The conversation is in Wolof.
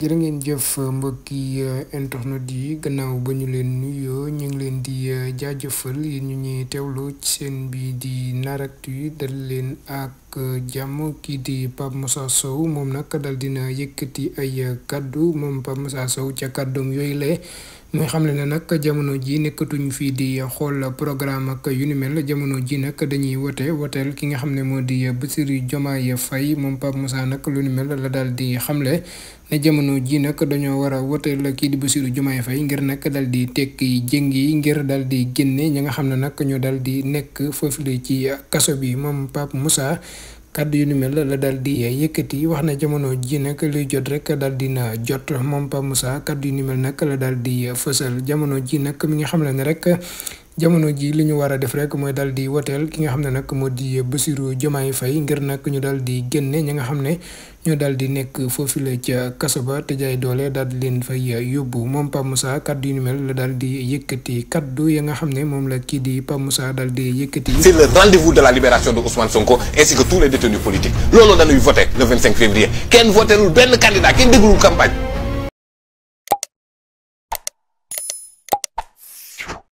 jërë ngeen jëf mbokki euh, internet yi gannaaw ba ñu leen nuyoo ñu ngi leen di euh, jaajëfal yi ñu ñuy teewlu seen bi di yi dal leen ak jàmm kii di Pape Moussa soow moom nag dal dina yëkkati ay kaddu moom Pape Moussa Sow ca kàddoom yooyu lee mooy xam ne nag jamono ji nekkatuñ fii di xool programme ak yu ni mel jamono ji nag dañuy wote woteel ki nga xam ne moo di Bassirou Diomaye Faye moom Pape Moussa nag lu ni mel la daal di xamle ne jamono ji nag dañoo war a woteel kii di Bassirou Diomaye Faye ngir nag dal di tekki jëng yi ngir dal di génne ñi nga xam ne nag ñoo dal di nekk foofu ci kaso bi moom Pape Moussa kàddu yu ni mel la dal di yëkkati wax na jamono ji nag luy jot rek daal di na jot moom Pa Moussa kàddu yu ni nag la dal di fësal jamono ji nag mi nga xam ne rek. jamono ji li ñu war a def rek mooy dal di woteel ki nga xam ne nag moo di Bassirou Diomaye Faye ngir nak ñu dal di génne ñi nga xam ne ñoo dal di nekk foofu la ca kaso ba te jaay doole daal di leen fay yóbbu moom Pape Moussa kaddu yu ni mel la daal di yëkkati kaddu ya nga xam ne moom la kii di Pape Moussa daal di yëkkati. c'est le rendez-vous de la libération de Ousmane Sonko ainsi que tous les détenus politiques loolu dañuy voté le 25 février kenn voté benn